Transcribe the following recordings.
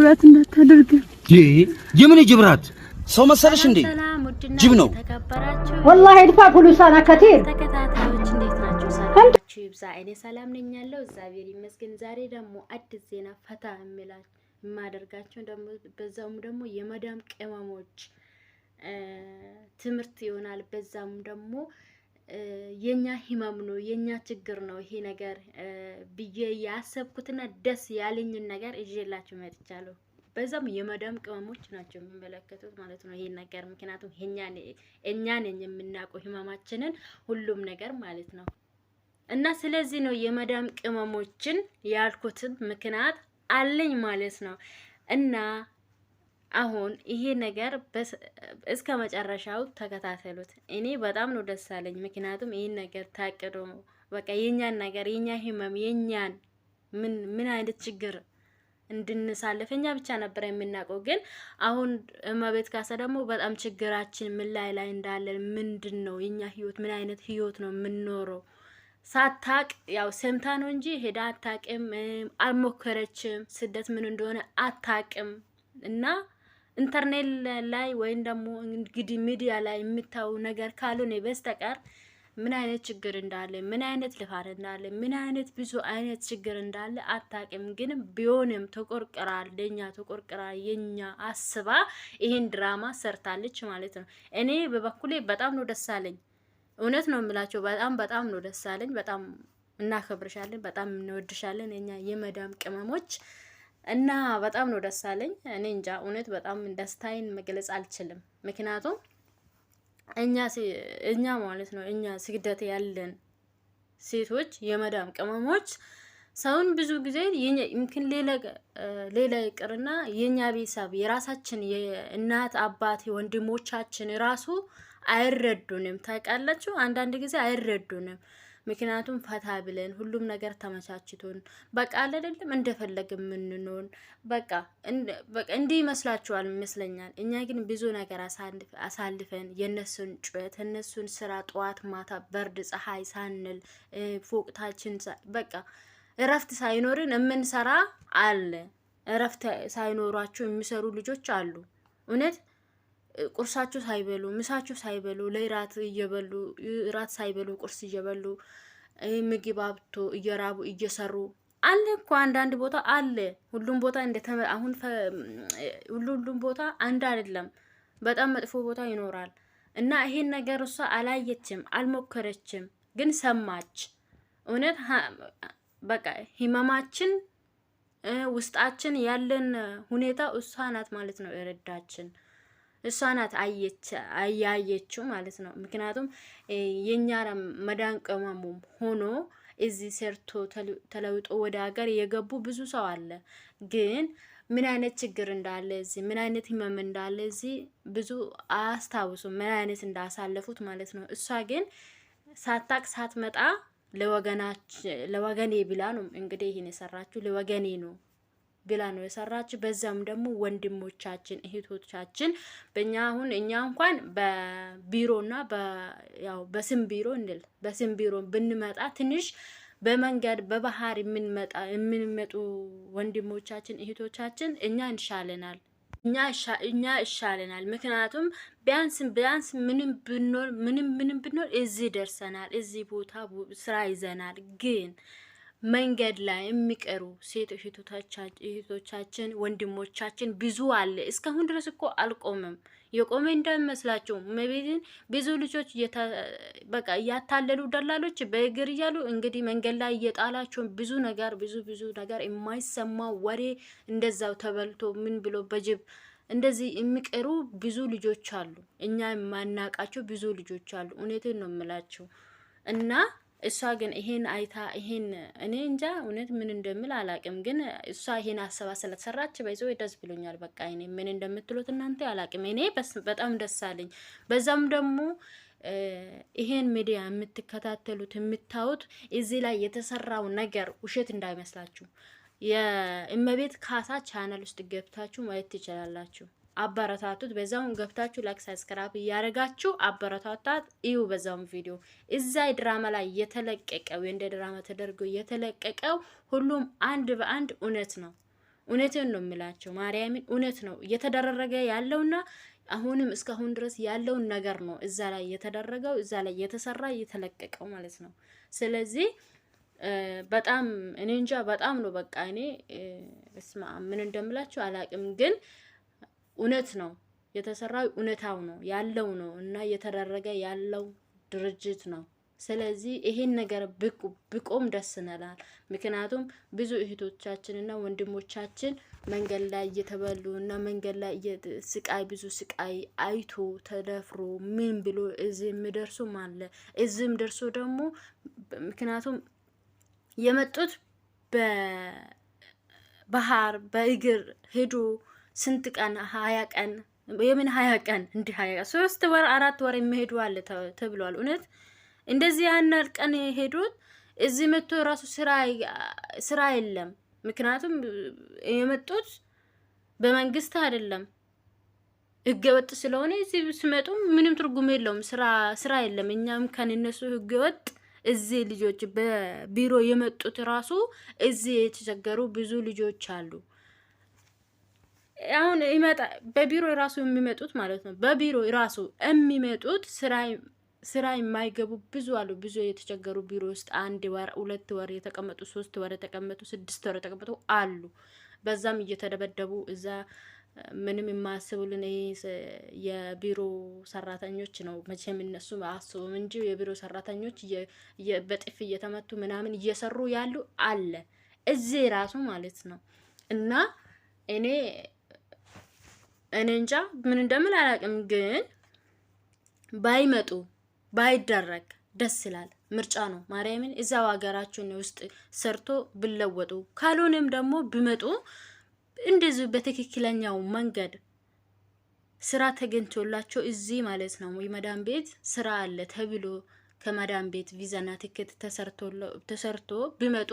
ጅብራት እንዳታደርገን። የምን ጅብራት ሰው መሰለሽ እንዴ? ጅብ ነው ወላሂ። ድፋ ጉሉሳና ከቴል ተከታታዮች እንዴት ናቸው? ሰላማችሁ እኔ ሰላም ነኝ ያለው እግዚአብሔር ይመስገን። ዛሬ ደግሞ አዲስ ዜና ፈታ የሚላችሁ የማደርጋቸው ደግሞ በዛውም ደግሞ የመዳም ቅመሞች ትምህርት ይሆናል። በዛም ደግሞ የኛ ህመም ነው የኛ ችግር ነው ይሄ ነገር ብዬ ያሰብኩትና ደስ ያለኝን ነገር እዤላችሁ መጥቻለሁ። በዛም የመዳም ቅመሞች ናቸው የሚመለከቱት ማለት ነው ይሄን ነገር ምክንያቱም እኛ የምናውቀው ህመማችንን ሁሉም ነገር ማለት ነው። እና ስለዚህ ነው የመዳም ቅመሞችን ያልኩትን ምክንያት አለኝ ማለት ነው እና አሁን ይሄ ነገር እስከ መጨረሻው ተከታተሉት። እኔ በጣም ነው ደስ አለኝ። ምክንያቱም ይህን ነገር ታቅዶ በቃ የኛን ነገር የኛ ህመም የኛን ምን ምን አይነት ችግር እንድንሳለፍ እኛ ብቻ ነበር የምናውቀው። ግን አሁን እመቤት ካሳ ደግሞ በጣም ችግራችን ምን ላይ ላይ እንዳለን ምንድን ነው የኛ ህይወት ምን አይነት ህይወት ነው የምንኖረው ሳታቅ ያው ሰምታ ነው እንጂ ሄዳ አታቅም፣ አልሞከረችም። ስደት ምን እንደሆነ አታቅም እና ኢንተርኔት ላይ ወይም ደግሞ እንግዲህ ሚዲያ ላይ የምታዩ ነገር ካልሆነ በስተቀር ምን አይነት ችግር እንዳለ ምን አይነት ልፋት እንዳለ ምን አይነት ብዙ አይነት ችግር እንዳለ አታውቅም። ግን ቢሆንም ተቆርቅራ ለኛ ተቆርቅራ የኛ አስባ ይሄን ድራማ ሰርታለች ማለት ነው። እኔ በበኩሌ በጣም ነው ደስ አለኝ። እውነት ነው የምላቸው። በጣም በጣም ነው ደስ አለኝ። በጣም እናከብርሻለን፣ በጣም እንወድሻለን እኛ የመዳም ቅመሞች እና በጣም ነው ደስ አለኝ። እኔ እንጃ እውነት በጣም ደስታዬን መግለጽ አልችልም። ምክንያቱም እኛ እኛ ማለት ነው እኛ ስግደት ያለን ሴቶች የመዳም ቅመሞች ሰውን ብዙ ጊዜ ምክን ሌላ ይቅርና የእኛ ቤተሰብ የራሳችን የእናት አባት ወንድሞቻችን ራሱ አይረዱንም። ታውቃላችሁ፣ አንዳንድ ጊዜ አይረዱንም። ምክንያቱም ፈታ ብለን ሁሉም ነገር ተመቻችቶን በቃ አለደለም እንደፈለግ የምንኖን በቃ እንዲህ ይመስላችኋል ይመስለኛል። እኛ ግን ብዙ ነገር አሳልፈን የእነሱን ጩኸት እነሱን ስራ ጠዋት ማታ በርድ ፀሐይ ሳንል ፎቅታችን በቃ እረፍት ሳይኖርን የምንሰራ አለ። እረፍት ሳይኖሯቸው የሚሰሩ ልጆች አሉ እውነት ቁርሳችሁ ሳይበሉ ምሳችሁ ሳይበሉ ለራት እየበሉ ራት ሳይበሉ ቁርስ እየበሉ ምግብ አብቶ እየራቡ እየሰሩ አለ እኮ አንዳንድ ቦታ አለ። ሁሉም ቦታ እንደተመ አሁን ሁሉም ቦታ አንድ አይደለም። በጣም መጥፎ ቦታ ይኖራል። እና ይሄን ነገር እሷ አላየችም፣ አልሞከረችም፣ ግን ሰማች። እውነት በቃ ህመማችን ውስጣችን ያለን ሁኔታ እሷ ናት ማለት ነው የረዳችን። እሷ ናት አያየችው ማለት ነው። ምክንያቱም የእኛ መዳን ቅመሙም ሆኖ እዚህ ሰርቶ ተለውጦ ወደ ሀገር የገቡ ብዙ ሰው አለ። ግን ምን አይነት ችግር እንዳለ እዚህ ምን አይነት ህመም እንዳለ እዚህ ብዙ አያስታውሱም፣ ምን አይነት እንዳሳለፉት ማለት ነው። እሷ ግን ሳታቅ ሳትመጣ ለወገኔ ብላ ነው እንግዲህ ይህን የሰራችሁ ለወገኔ ነው ብላ ነው የሰራች። በዛም ደግሞ ወንድሞቻችን እህቶቻችን በእኛ አሁን እኛ እንኳን በቢሮና ያው በስም ቢሮ እንል በስም ቢሮ ብንመጣ ትንሽ በመንገድ በባህር የምንመጣ የምንመጡ ወንድሞቻችን እህቶቻችን እኛ እንሻለናል እኛ ይሻለናል። ምክንያቱም ቢያንስ ቢያንስ ምንም ብኖር ምንም ምንም ብንሆን እዚህ ደርሰናል። እዚህ ቦታ ስራ ይዘናል ግን መንገድ ላይ የሚቀሩ ሴቶች እህቶቻችን፣ ወንድሞቻችን ብዙ አለ። እስካሁን ድረስ እኮ አልቆመም። የቆመ እንዳይመስላቸው መቤትን ብዙ ልጆች በቃ እያታለሉ ደላሎች በእግር እያሉ እንግዲህ መንገድ ላይ እየጣላቸውን ብዙ ነገር ብዙ ብዙ ነገር የማይሰማ ወሬ እንደዛው ተበልቶ ምን ብሎ በጅብ እንደዚህ የሚቀሩ ብዙ ልጆች አሉ። እኛ የማናቃቸው ብዙ ልጆች አሉ። እውነትን ነው የምላቸው እና እሷ ግን ይሄን አይታ ይሄን እኔ እንጃ እውነት ምን እንደምል አላቅም። ግን እሷ ይሄን አሰባ ስለተሰራች በይዞ ደስ ብሎኛል። በቃ እኔ ምን እንደምትሉት እናንተ አላቅም። እኔ በጣም ደስ አለኝ። በዛም ደግሞ ይሄን ሚዲያ የምትከታተሉት የምታዩት እዚህ ላይ የተሰራው ነገር ውሸት እንዳይመስላችሁ የእመቤት ካሳ ቻናል ውስጥ ገብታችሁ ማየት ትችላላችሁ። አበረታቱት። በዛውን ገብታችሁ ላይክ፣ ሳብስክራይብ እያደረጋችሁ አበረታታት እዩ። በዛውን ቪዲዮ እዛ ድራማ ላይ የተለቀቀው እንደ ድራማ ተደርጎ የተለቀቀው ሁሉም አንድ በአንድ እውነት ነው። እውነትን ነው የሚላቸው ማርያምን፣ እውነት ነው እየተደረገ ያለውና አሁንም እስካሁን ድረስ ያለውን ነገር ነው እዛ ላይ የተደረገው እዛ ላይ የተሰራ የተለቀቀው ማለት ነው። ስለዚህ በጣም እኔ እንጃ በጣም ነው በቃ እኔ እስማ ምን እንደምላችሁ አላቅም ግን እውነት ነው የተሰራው፣ እውነታው ነው ያለው ነው እና የተደረገ ያለው ድርጅት ነው። ስለዚህ ይሄን ነገር ብቆም ደስ እንላል። ምክንያቱም ብዙ እህቶቻችንና ወንድሞቻችን መንገድ ላይ እየተበሉ እና መንገድ ላይ ስቃይ ብዙ ስቃይ አይቶ ተደፍሮ ምን ብሎ እዚህ የሚደርሱም አለ። እዚህም ደርሶ ደግሞ ምክንያቱም የመጡት በባህር በእግር ሄዶ ስንት ቀን ሀያ ቀን የምን ሀያ ቀን እንዲህ ሀያ ሶስት ወር አራት ወር የሚሄዱ አለ ተብሏል። እውነት እንደዚህ ያናል ቀን ሄዱት እዚህ መጥቶ ራሱ ስራ የለም። ምክንያቱም የመጡት በመንግስት አይደለም ወጥ ስለሆነ እዚህ ስመጡ ምንም ትርጉም የለውም። ስራ የለም። እኛም ከንነሱ ህገ ወጥ እዚህ ልጆች በቢሮ የመጡት ራሱ እዚህ የተቸገሩ ብዙ ልጆች አሉ። አሁን ይመጣ በቢሮ የራሱ የሚመጡት ማለት ነው። በቢሮ የራሱ የሚመጡት ስራ የማይገቡ ብዙ አሉ። ብዙ የተቸገሩ ቢሮ ውስጥ አንድ ወር፣ ሁለት ወር የተቀመጡ፣ ሶስት ወር የተቀመጡ፣ ስድስት ወር የተቀመጡ አሉ። በዛም እየተደበደቡ እዛ ምንም የማያስቡልን ይሄ የቢሮ ሰራተኞች ነው። መቼም እነሱ አስቡም እንጂ የቢሮ ሰራተኞች በጥፍ እየተመቱ ምናምን እየሰሩ ያሉ አለ እዚህ ራሱ ማለት ነው እና እኔ እኔ እንጃ ምን እንደምል አላውቅም። ግን ባይመጡ ባይደረግ ደስ ይላል። ምርጫ ነው። ማርያምን እዛው ሀገራችን ውስጥ ሰርቶ ብለወጡ፣ ካልሆነም ደግሞ ብመጡ እንደዚሁ በትክክለኛው መንገድ ስራ ተገኝቶላቸው እዚህ ማለት ነው የመዳን ቤት ስራ አለ ተብሎ ከመዳን ቤት ቪዛና ትኬት ተሰርቶ ቢመጡ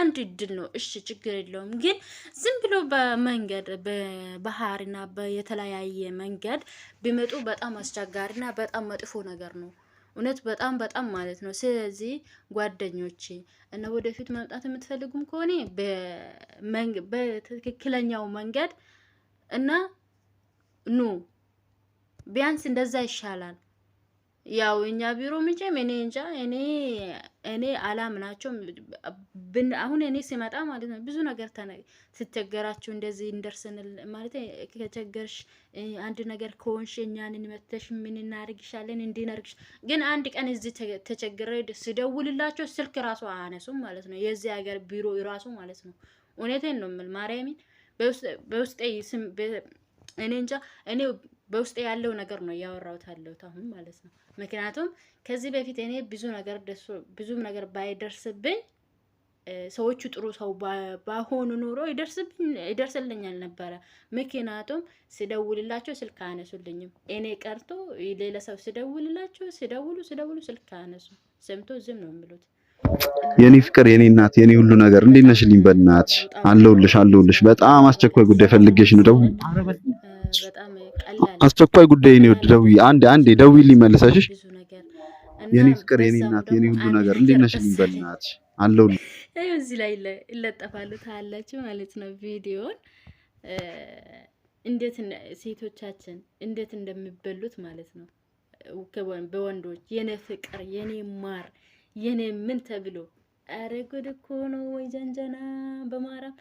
አንድ እድል ነው። እሺ ችግር የለውም። ግን ዝም ብሎ በመንገድ በባህርና የተለያየ መንገድ ቢመጡ በጣም አስቸጋሪና በጣም መጥፎ ነገር ነው። እውነት በጣም በጣም ማለት ነው። ስለዚህ ጓደኞቼ እና ወደፊት መምጣት የምትፈልጉም ከሆነ በትክክለኛው መንገድ እና ኑ ቢያንስ እንደዛ ይሻላል። ያው እኛ ቢሮ ምንጭም እኔ እንጃ እኔ እኔ አላም አላምናቸውም። አሁን እኔ ሲመጣ ማለት ነው ብዙ ነገር ተነ ስትቸገራችሁ እንደዚህ እንደርስንል ማለት ከቸገርሽ አንድ ነገር ከሆንሽ እኛን እንመተሽ ምን እናርግሻለን እንዲነርግሽ። ግን አንድ ቀን እዚህ ተቸግረ ስደውልላቸው ስልክ ራሱ አነሱም ማለት ነው። የዚህ ሀገር ቢሮ ራሱ ማለት ነው። እውነቴን ነው የምል ማርያምን በውስጤ እኔ እንጃ እኔ በውስጥ ያለው ነገር ነው እያወራሁት ያለሁት አሁን ማለት ነው። ምክንያቱም ከዚህ በፊት እኔ ብዙ ነገር ብዙ ነገር ባይደርስብኝ ሰዎቹ ጥሩ ሰው ባሆኑ ኑሮ ይደርስልኛል ነበረ። ምክንያቱም ስደውልላቸው ስልክ አነሱልኝም። እኔ ቀርቶ ሌላ ሰው ስደውልላቸው ሲደውሉ ሲደውሉ ስልክ አያነሱ ሰምቶ ዝም ነው የሚሉት። የኔ ፍቅር፣ የኔ እናት፣ የኔ ሁሉ ነገር እንዴት ነሽልኝ? በእናትሽ አለሁልሽ፣ አለሁልሽ። በጣም አስቸኳይ ጉዳይ ፈልጌሽ ነው ደው አስቸኳይ ጉዳይ ነው። ደውይ አንዴ አንዴ ደውይልኝ መልሰሽ። እሺ የኔ ፍቅር፣ የኔ እናት፣ የኔ ሁሉ ነገር እንዴት ነሽ? ልንበልናት አይ እዚህ ላይ ይለጠፋሉ ታላችሁ ማለት ነው ቪዲዮን እንዴት ሴቶቻችን እንዴት እንደሚበሉት ማለት ነው በወንዶች የኔ ፍቅር፣ የኔ ማር፣ የኔ ምን ተብሎ አረ ጉድ እኮ ነው ወይ ጀንጀና በማራም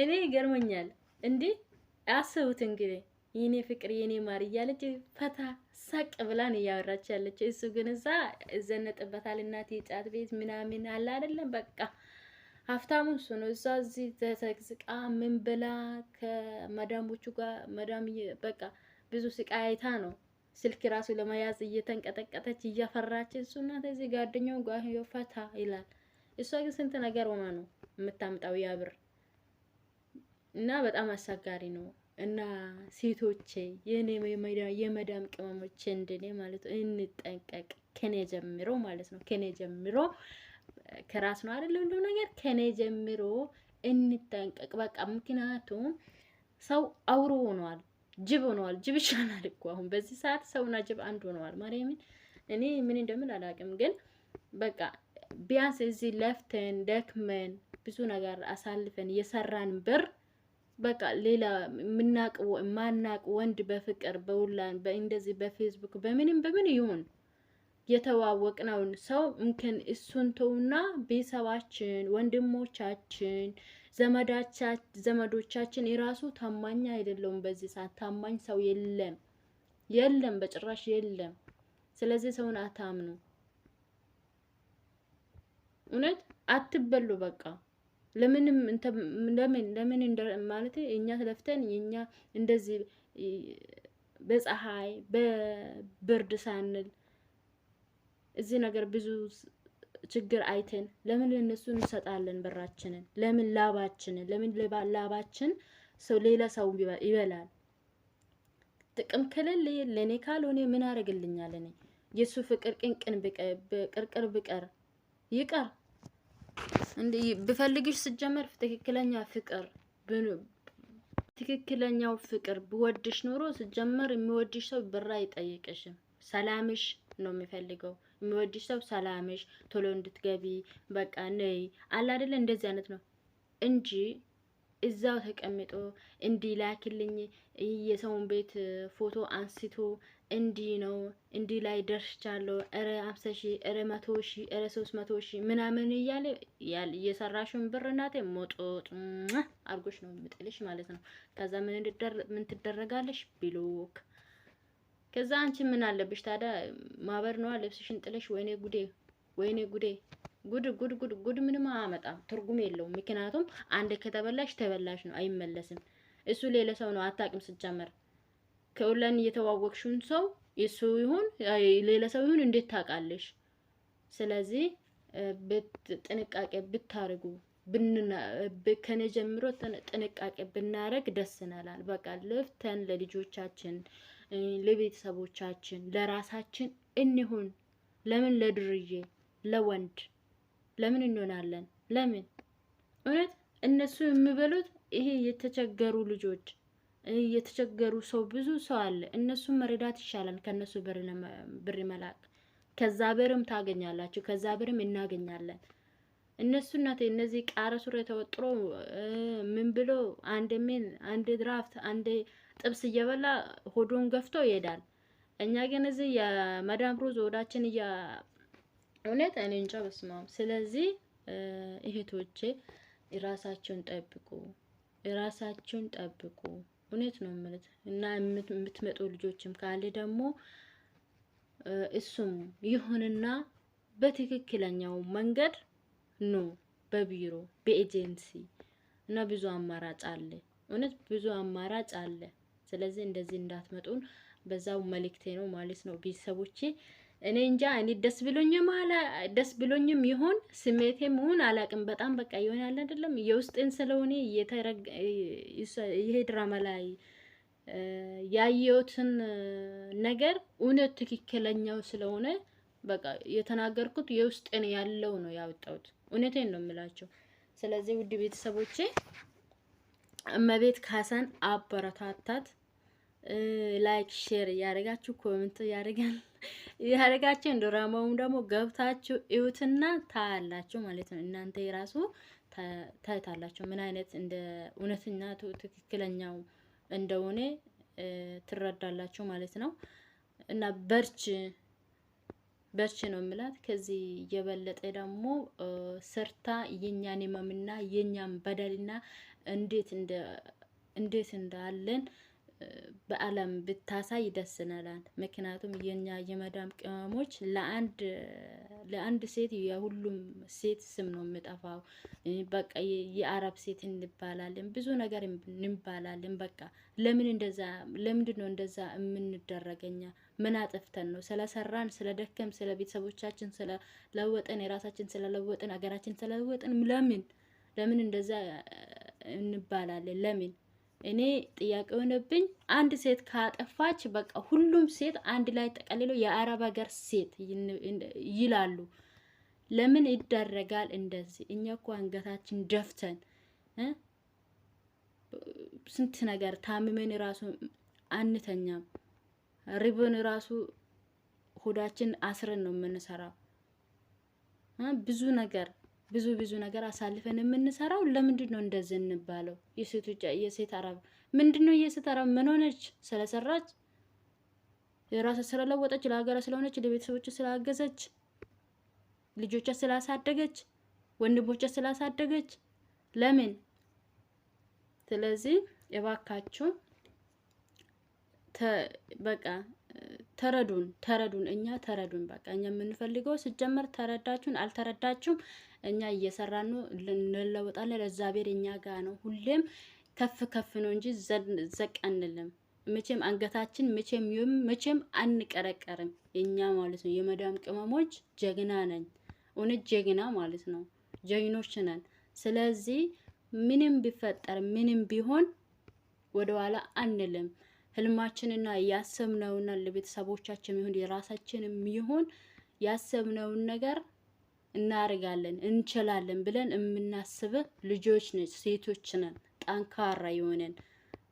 እኔ ይገርመኛል እንዴ አስቡት እንግዲህ የኔ ፍቅር የኔ ማር እያለች ፈታ ሳቅ ብላን ነው እያወራች ያለች። እሱ ግን እዛ እዘነጥበታል። እናቴ ጫት ቤት ምናምን አለ አይደለም። በቃ ሀብታሙ እሱ ነው። እዛ እዚህ ተዘቅዝቃ ምን ብላ ከመዳሞቹ ጋር መዳም በቃ ብዙ ስቃይ አይታ ነው ስልክ ራሱ ለመያዝ እየተንቀጠቀጠች እያፈራች፣ እሱ እናቴ እዚህ ጓደኛው ጋር ፈታ ይላል። እሷ ግን ስንት ነገር ሆና ነው የምታምጣው ያብር እና በጣም አሳጋሪ ነው። እና ሴቶቼ የኔ የመዳም ቅመሞቼ እንድኔ ማለት እንጠንቀቅ። ከኔ ጀምሮ ማለት ነው ከኔ ጀምሮ ከራስ ነው አይደል ሁሉ ነገር ከኔ ጀምሮ እንጠንቀቅ። በቃ ምክንያቱም ሰው አውሮ ሆኗል፣ ጅብ ሆኗል። ጅብ ይሻላል እኮ አሁን በዚህ ሰዓት ሰውና ጅብ አንድ ሆነዋል። ማርያምን እኔ ምን እንደምን አላውቅም፣ ግን በቃ ቢያንስ እዚህ ለፍተን ደክመን ብዙ ነገር አሳልፈን የሰራን ብር በቃ ሌላ የምናቅ ማናቅ ወንድ በፍቅር በውላን እንደዚህ በፌስቡክ በምንም በምን ይሁን የተዋወቅነውን ሰው እንከን እሱን ተውና ቤተሰባችን፣ ወንድሞቻችን፣ ዘመዶቻችን የራሱ ታማኝ አይደለውም። በዚህ ሰዓት ታማኝ ሰው የለም የለም፣ በጭራሽ የለም። ስለዚህ ሰውን አታምኑ፣ እውነት አትበሉ በቃ ለምንም ለምን ማለት እኛ ለፍተን የኛ እንደዚህ በፀሐይ በብርድ ሳንል እዚህ ነገር ብዙ ችግር አይተን ለምን ለነሱ እንሰጣለን? በራችንን ለምን ላባችንን ለምን ላባችን ሰው ሌላ ሰው ይበላል። ጥቅም ከሌለ ለኔ ካልሆነ ምን አደርግልኛል? እኔ የእሱ ፍቅር ቅንቅን ብቀር ይቀር ብፈልግሽ ስጀመር ትክክለኛ ፍቅር ትክክለኛው ፍቅር ብወድሽ ኖሮ ስጀመር የሚወድሽ ሰው ብር አይጠይቅሽም። ሰላምሽ ነው የሚፈልገው። የሚወድሽ ሰው ሰላምሽ ቶሎ እንድትገቢ በቃ ነይ አለ አይደለ? እንደዚህ አይነት ነው እንጂ እዛው ተቀምጦ እንዲህ የሰውን ቤት ፎቶ አንስቶ እንዲህ ነው እንዲህ ላይ ደርሽቻለሁ፣ እረ አምሳ ሺህ እረ መቶ ሺህ እረ ሶስት መቶ ሺ ምናምን እያለ የሰራሽውን ብር እናቴ ሞጦጥ አርጎች ነው የምጥልሽ ማለት ነው። ከዛ ምን ትደረጋለሽ? ብሎክ። ከዛ አንቺ ምን አለብሽ ታዲያ? ማበር ነዋ ልብስሽን ጥለሽ ወይኔ ጉዴ፣ ወይኔ ጉዴ ጉድ ጉድ ጉድ ጉድ ምንም አያመጣም፣ ትርጉም የለውም። ምክንያቱም አንድ ከተበላሽ ተበላሽ ነው፣ አይመለስም። እሱ ሌላ ሰው ነው፣ አታውቂም። ስጀመር ከኦንላይን እየተዋወቅሽውን ሰው እሱ ይሁን ሌላ ሰው ይሁን እንዴት ታውቃለሽ? ስለዚህ ጥንቃቄ ብታርጉ ከነ ጀምሮ ጥንቃቄ ብናደረግ ደስ ይላል። በቃ ልፍተን ለልጆቻችን፣ ለቤተሰቦቻችን፣ ለራሳችን እንሁን። ለምን ለድርዬ ለወንድ ለምን እንሆናለን? ለምን እውነት እነሱ የሚበሉት ይሄ የተቸገሩ ልጆች የተቸገሩ ሰው ብዙ ሰው አለ። እነሱን መረዳት ይሻላል ከእነሱ ብር መላክ። ከዛ ብርም ታገኛላችሁ፣ ከዛ ብርም እናገኛለን። እነሱ እናት እነዚህ ቃረ ሱር ተወጥሮ ምን ብሎ አንድ ሜን አንድ ድራፍት አንድ ጥብስ እየበላ ሆዶን ገፍቶ ይሄዳል። እኛ ግን እዚህ የመዳም ሩዝ ወዳችን እውነት እኔ እንጃ በስማም። ስለዚህ እህቶቼ ራሳቸውን ጠብቁ፣ ራሳቸውን ጠብቁ። እውነት ነው ማለት እና የምትመጡ ልጆችም ካለ ደግሞ እሱም ይሁንና በትክክለኛው መንገድ ኑ፣ በቢሮ በኤጀንሲ እና ብዙ አማራጭ አለ። እውነት ብዙ አማራጭ አለ። ስለዚህ እንደዚህ እንዳትመጡን በዛው መልእክቴ ነው ማለት ነው ቤተሰቦቼ። እኔ እንጃ እኔ ደስ ብሎኝም አላ ደስ ብሎኝም ይሁን ስሜቴም ይሁን አላቅም። በጣም በቃ ይሆናል አይደለም የውስጤን ስለሆነ ይሄ ድራማ ላይ ያየሁትን ነገር እውነት ትክክለኛው ስለሆነ በቃ የተናገርኩት የውስጤን ያለው ነው ያወጣሁት። እውነቴን ነው የምላቸው። ስለዚህ ውድ ቤተሰቦቼ እመቤት ካሳን አበረታታት። ላይክ ሼር እያደረጋችሁ ኮሜንት እያደረጋል እያደረጋችሁ ድራማውም ደግሞ ገብታችሁ እዩትና ታያላችሁ ማለት ነው። እናንተ የራሱ ታይታላችሁ ምን አይነት እንደ እውነተኛ ትክክለኛው እንደሆነ ትረዳላችሁ ማለት ነው። እና በርች በርች ነው የምላት። ከዚህ የበለጠ ደግሞ ሰርታ የኛን ህመምና የኛን በደልና እንዴት እንደ እንዴት እንዳለን በዓለም ብታሳይ ደስ ነላል። ምክንያቱም የኛ የመዳም ቅመሞች ለአንድ ሴት የሁሉም ሴት ስም ነው የምጠፋው። በቃ የአረብ ሴት እንባላለን፣ ብዙ ነገር እንባላለን። በቃ ለምን እንደዛ ለምንድን ነው እንደዛ የምንደረገኛ? ምን አጥፍተን ነው? ስለሰራን፣ ስለ ደከም፣ ስለ ቤተሰቦቻችን ስለለወጠን፣ የራሳችን ስለለወጥን አገራችን ስለ ለምን ለምን እንደዛ እንባላለን? ለምን እኔ ጥያቄ የሆነብኝ አንድ ሴት ካጠፋች በቃ ሁሉም ሴት አንድ ላይ ጠቀልለው የአረብ ሀገር ሴት ይላሉ። ለምን ይደረጋል እንደዚህ? እኛ እኮ አንገታችን ደፍተን ስንት ነገር ታምመን ራሱ አንተኛም። ሪቦን ራሱ ሆዳችን አስረን ነው የምንሰራው ብዙ ነገር ብዙ ብዙ ነገር አሳልፈን የምንሰራው ለምንድን ነው እንደዚህ እንባለው? የሴት አረብ ምንድን ነው? የሴት አረብ ምን ሆነች? ስለሰራች የራሷ ስለለወጠች፣ ለሀገራ ስለሆነች፣ ለቤተሰቦች ስላገዘች፣ ልጆቿ ስላሳደገች፣ ወንድሞቿ ስላሳደገች ለምን? ስለዚህ የባካችሁ በቃ ተረዱን፣ ተረዱን፣ እኛ ተረዱን። በቃ እኛ የምንፈልገው ስጀመር ተረዳችሁን አልተረዳችሁም እኛ እየሰራን ነው፣ እንለወጣለን። እግዚአብሔር እኛ ጋ ነው። ሁሌም ከፍ ከፍ ነው እንጂ ዘቅ አንልም። መቼም አንገታችን መቼም ይም መቼም አንቀረቀርም። እኛ ማለት ነው የመዳም ቅመሞች ጀግና ነን፣ እውነት ጀግና ማለት ነው። ጀግኖች ነን። ስለዚህ ምንም ቢፈጠር ምንም ቢሆን ወደኋላ አንልም። ህልማችንና ያሰብነውና ለቤተሰቦቻችን ይሁን የራሳችንም ይሁን ያሰብነውን ነገር እናርጋለን እንችላለን ብለን የምናስብ ልጆች ነች ሴቶች ነን። ጠንካራ የሆነን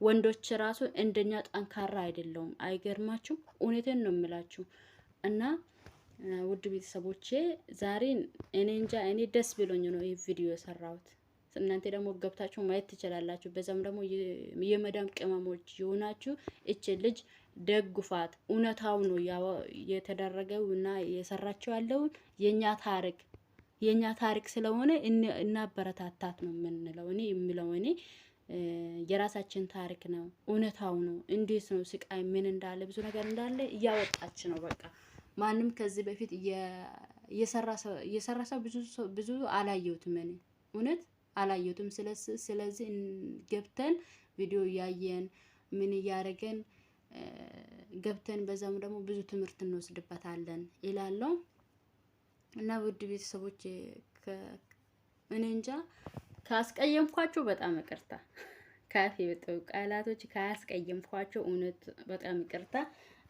ወንዶች ራሱ እንደኛ ጠንካራ አይደለውም። አይገርማችሁም? እውነቴን ነው የምላችሁ እና ውድ ቤተሰቦቼ ዛሬን እኔ እንጃ እኔ ደስ ብሎኝ ነው ይህ ቪዲዮ የሰራሁት። እናንተ ደግሞ ገብታችሁ ማየት ትችላላችሁ። በዛም ደግሞ የመዳም ቅመሞች የሆናችሁ እች ልጅ ደግፏት። እውነታው ነው የተደረገው እና የሰራችው ያለውን የእኛ ታሪክ የእኛ ታሪክ ስለሆነ እናበረታታት ነው የምንለው። እኔ የምለው እኔ የራሳችን ታሪክ ነው፣ እውነታው ነው፣ እንዴት ነው ስቃይ ምን እንዳለ ብዙ ነገር እንዳለ እያወጣች ነው። በቃ ማንም ከዚህ በፊት የሰራሰው ሰው ብዙ አላየሁትም፣ እኔ እውነት አላየሁትም። ስለዚህ ገብተን ቪዲዮ እያየን ምን እያደረገን ገብተን በዛም ደግሞ ብዙ ትምህርት እንወስድበታለን ይላለው። እና ውድ ቤተሰቦች እኔ እንጃ ካስቀየምኳቸው በጣም ይቅርታ። ካፌ የወጣው ቃላቶች ካስቀየምኳቸው እውነት በጣም ይቅርታ።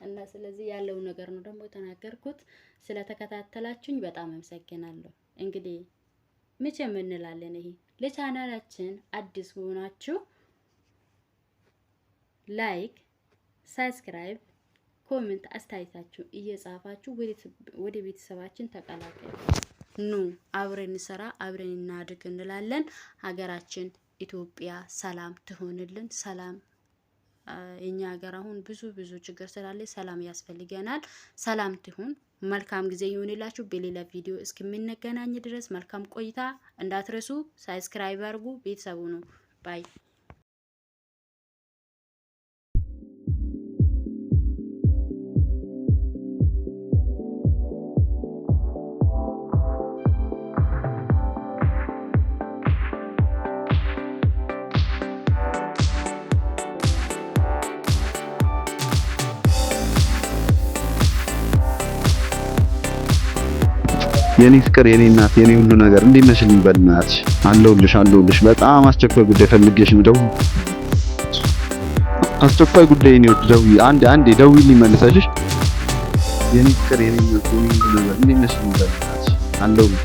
እና ስለዚህ ያለው ነገር ነው ደግሞ የተናገርኩት። ስለተከታተላችሁኝ በጣም አመሰግናለሁ። እንግዲህ መቼም እንላለን ይሄ ለቻናላችን አዲስ ሆናችሁ ላይክ፣ ሳብስክራይብ ኮመንት አስተያየታችሁ እየጻፋችሁ ወደ ቤተሰባችን ተቀላቀሉ። ኑ አብረን እንሰራ፣ አብረን እናድግ እንላለን። ሀገራችን ኢትዮጵያ ሰላም ትሆንልን። ሰላም የኛ ሀገር አሁን ብዙ ብዙ ችግር ስላለ ሰላም ያስፈልገናል። ሰላም ትሁን። መልካም ጊዜ ይሆንላችሁ። በሌላ ቪዲዮ እስከምንገናኝ ድረስ መልካም ቆይታ። እንዳትረሱ፣ ሳብስክራይብ አድርጉ። ቤተሰቡ ነው ባይ የኔ ፍቅር፣ የኔ እናት፣ የኔ ሁሉ ነገር እንዴት ነሽ? በእናትሽ አለሁልሽ፣ አለሁልሽ። በጣም አስቸኳይ ጉዳይ ፈልጌሽ ነው። ደውዪ፣ አስቸኳይ ጉዳይ ነው። ደውዪ፣ አንዴ፣ አንዴ ደውዪልኝ መልሰሽ። የኔ ፍቅር፣ የኔ እናት፣ የኔ ሁሉ ነገር እንዴት ነሽ? በእናትሽ አለሁልሽ